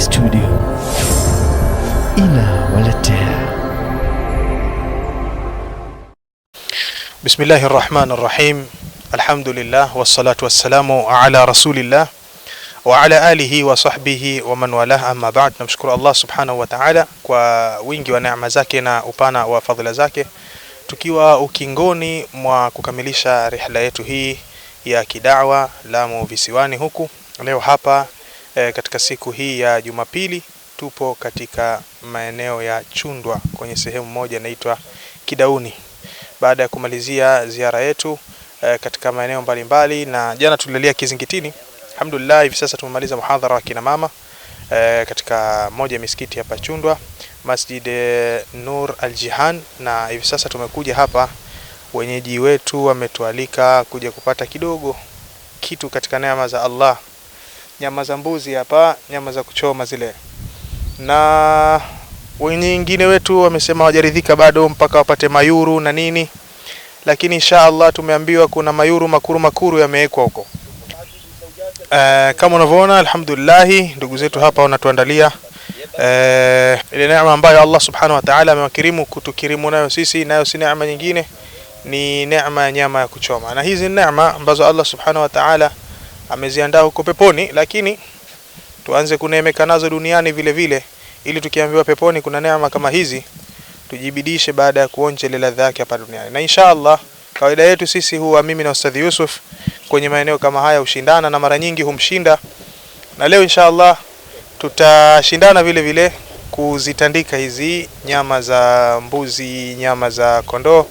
Studio inawaletea. Bismillahi rahmani rahim. Alhamdulillah wassalatu wassalamu ala rasulillah wa ala alihi wa sahbihi wa man walah, amma baad Namshukuru Allah subhanahu wa ta'ala kwa wingi wa neema zake na upana wa fadhila zake, tukiwa ukingoni mwa kukamilisha rihla yetu hii ya kidawa Lamu Visiwani, huku leo hapa E, katika siku hii ya Jumapili tupo katika maeneo ya Chundwa kwenye sehemu moja inaitwa Kidauni baada ya kumalizia ziara yetu e, katika maeneo mbalimbali, na jana tulilalia Kizingitini. Alhamdulillah, hivi sasa tumemaliza muhadhara wa kina mama e, katika moja ya misikiti hapa Chundwa, Masjid Nur Al Jihan, na hivi sasa tumekuja hapa, wenyeji wetu wametualika kuja kupata kidogo kitu katika neema za Allah nyama za mbuzi hapa, nyama za kuchoma zile, na wengine wetu wamesema hawajaridhika bado mpaka wapate mayuru na nini, lakini insha Allah tumeambiwa kuna mayuru makuru makuru yamewekwa huko. Uh, kama unavyoona alhamdulillah, ndugu zetu hapa wanatuandalia uh, ile neema ambayo Allah subhanahu wa ta'ala amewakirimu kutukirimu nayo sisi, nayo si neema nyingine, ni neema ya nyama ya kuchoma, na hizi neema ambazo Allah subhanahu wa ta'ala ameziandaa huko peponi, lakini tuanze kunemeka nazo duniani vile vile, ili tukiambiwa peponi kuna neema kama hizi tujibidishe baada ya kuonja ile ladha yake hapa duniani. Na inshallah kawaida yetu sisi huwa mimi na Ustadhi Yusuf kwenye maeneo kama haya hushindana na mara nyingi humshinda, na leo inshallah tutashindana vile vile kuzitandika hizi nyama za mbuzi, nyama za kondoo,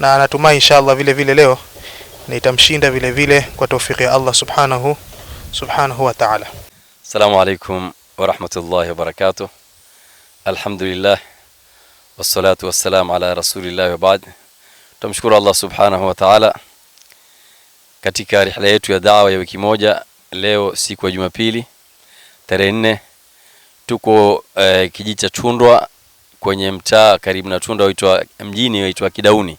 na natumai inshallah vile vile leo na itamshinda vile vile kwa taufiki ya Allah subhanahu subhanahu wa ta'ala. Asalamu alaykum wa rahmatullahi wa barakatuh. Alhamdulillah wassalatu wassalamu ala rasulillahi wa ba'd. Tumshukuru Allah subhanahu wa ta'ala katika rihla yetu ya dawa ya wiki moja, leo siku ya Jumapili tarehe nne, tuko eh, kijiji cha Tundwa kwenye mtaa karibu na Tundwa huitwa mjini huitwa Kidauni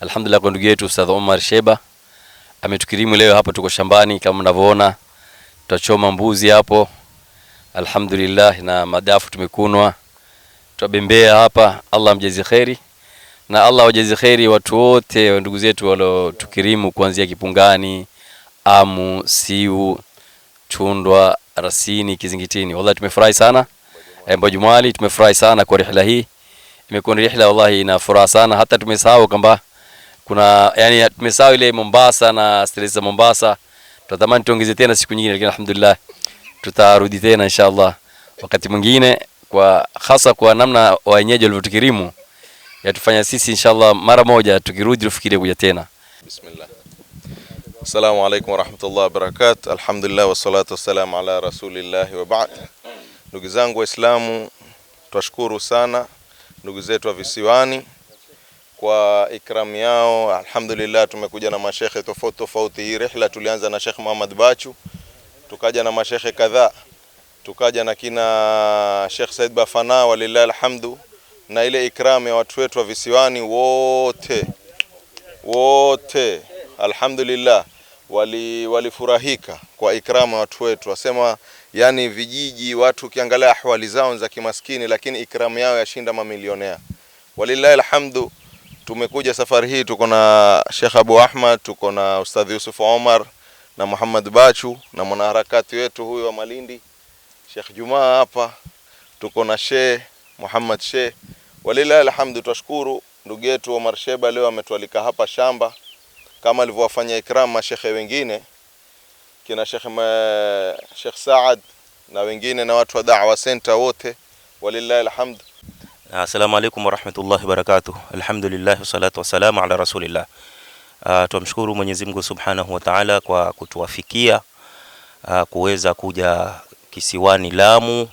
Alhamdulillah kwa ndugu yetu Ustadh Omar Sheba ametukirimu leo hapa, tuko shambani kama mnavyoona, tutachoma mbuzi hapo alhamdulillah, na madafu tumekunwa, tutabembea hapa. Allah amjazi kheri na Allah wajazi kheri watu wote ndugu zetu waliotukirimu kuanzia Kipungani, Amu, Siu, Chundwa, Rasini, Kizingitini. Wallahi tumefurahi sana eh, Mbwa Jumali, tumefurahi sana kwa rihla hii, imekuwa ni rihla wallahi ina furaha sana, hata tumesahau kwamba kuna yani tumesahau ile Mombasa na stress za Mombasa. Tutatamani tuongeze tena siku nyingine, lakini alhamdulillah tutarudi tena inshallah wakati mwingine, kwa hasa kwa namna wenyeji walivyotukirimu yatufanya sisi inshallah mara moja tukirudi tufikirie kuja tena. Bismillah. Assalamu alaykum wa rahmatullahi wa wabarakatuh. Alhamdulillah wassalatu wassalamu ala rasulillah wa ba'd. Ndugu zangu Waislamu, twashukuru sana ndugu zetu wa visiwani kwa ikram yao. Alhamdulillah, tumekuja na mashekhe tofauti tofauti. Hii rehla tulianza na Sheikh Muhammad Bachu, tukaja na mashekhe kadhaa, tukaja na kina Sheikh Said Bafana, walillahi alhamdu, na ile ikram ya watu wetu wa visiwani wote wote, alhamdulillah walifurahika kwa ikram ya watu wetu, wasema yani vijiji watu ukiangalia ahwali zao za kimaskini, lakini ikram yao yashinda mamilionea, walillahi alhamdu. Tumekuja safari hii, tuko na Sheikh Abu Ahmad, tuko na ustadh Yusuf Omar na Muhammad Bachu na mwanaharakati wetu huyu wa Malindi Sheikh Jumaa hapa, tuko na Sheikh Muhammad Sheikh. Walilahi alhamdu, twashukuru ndugu yetu Omar Sheba leo ametualika hapa shamba kama alivyowafanya ikram mashekhe wengine kina Sheikh Sheikh Saad na wengine na watu wa Da'wa Center wote, walilahi alhamdu. Ah, assalamu rahmatullahi warahmatullahi wabarakatuh. Alhamdulillah wassalatu wassalamu ala rasulillah. Uh, ah, tumshukuru Mwenyezi Mungu Subhanahu wa Ta'ala kwa kutuwafikia uh, ah, kuweza kuja kisiwani Lamu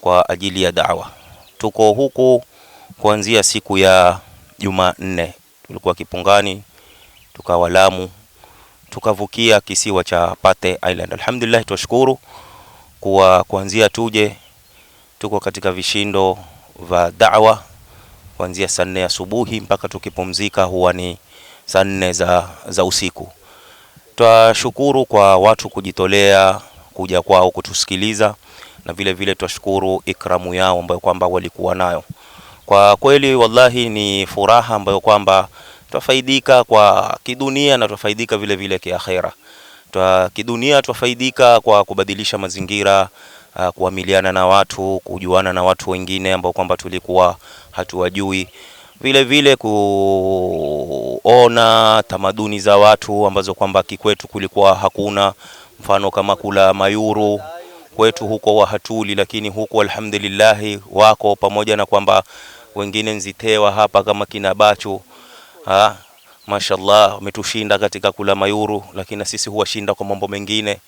kwa ajili ya da'wa. Tuko huku kuanzia siku ya Jumanne, tulikuwa Kipungani, tukawa Lamu, tukavukia kisiwa cha Pate Island. Alhamdulillah, tuwashukuru kwa kuanzia tuje tuko katika vishindo wa da'wa kuanzia saa nne asubuhi mpaka tukipumzika huwa ni saa nne za, za usiku. Twashukuru kwa watu kujitolea kuja kwao kutusikiliza na vile vile twashukuru ikramu yao ambayo kwamba walikuwa nayo. Kwa kweli wallahi, ni furaha ambayo kwamba twafaidika kwa kidunia na twafaidika vile vile kiakhera twa kidunia twafaidika kwa kubadilisha mazingira, uh, kuamiliana na watu, kujuana na watu wengine ambao kwamba tulikuwa hatuwajui, vile vile kuona tamaduni za watu ambazo kwamba kikwetu kulikuwa hakuna, mfano kama kula mayuru kwetu huko wa hatuli, lakini huko alhamdulillah wako, pamoja na kwamba wengine nzitewa hapa kama kina bachu ha? Ah, Mashallah umetushinda katika kula mayuru, lakini na sisi huwashinda kwa mambo mengine.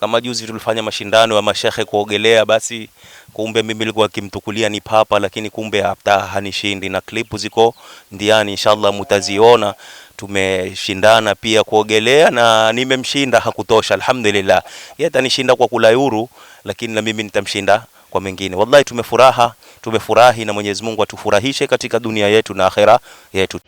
Kama juzi tulifanya mashindano ya mashehe kuogelea, basi kumbe mimi nilikuwa kimtukulia ni papa, lakini kumbe hata hanishindi, na klipu ziko ndiani, inshallah mutaziona. Tumeshindana pia kuogelea na nimemshinda, hakutosha alhamdulillah. Yeye atanishinda kwa kula yuru, lakini na mimi nitamshinda kwa mengine. Wallahi tumefuraha, tumefurahi na Mwenyezi Mungu atufurahishe katika dunia yetu na akhera yetu.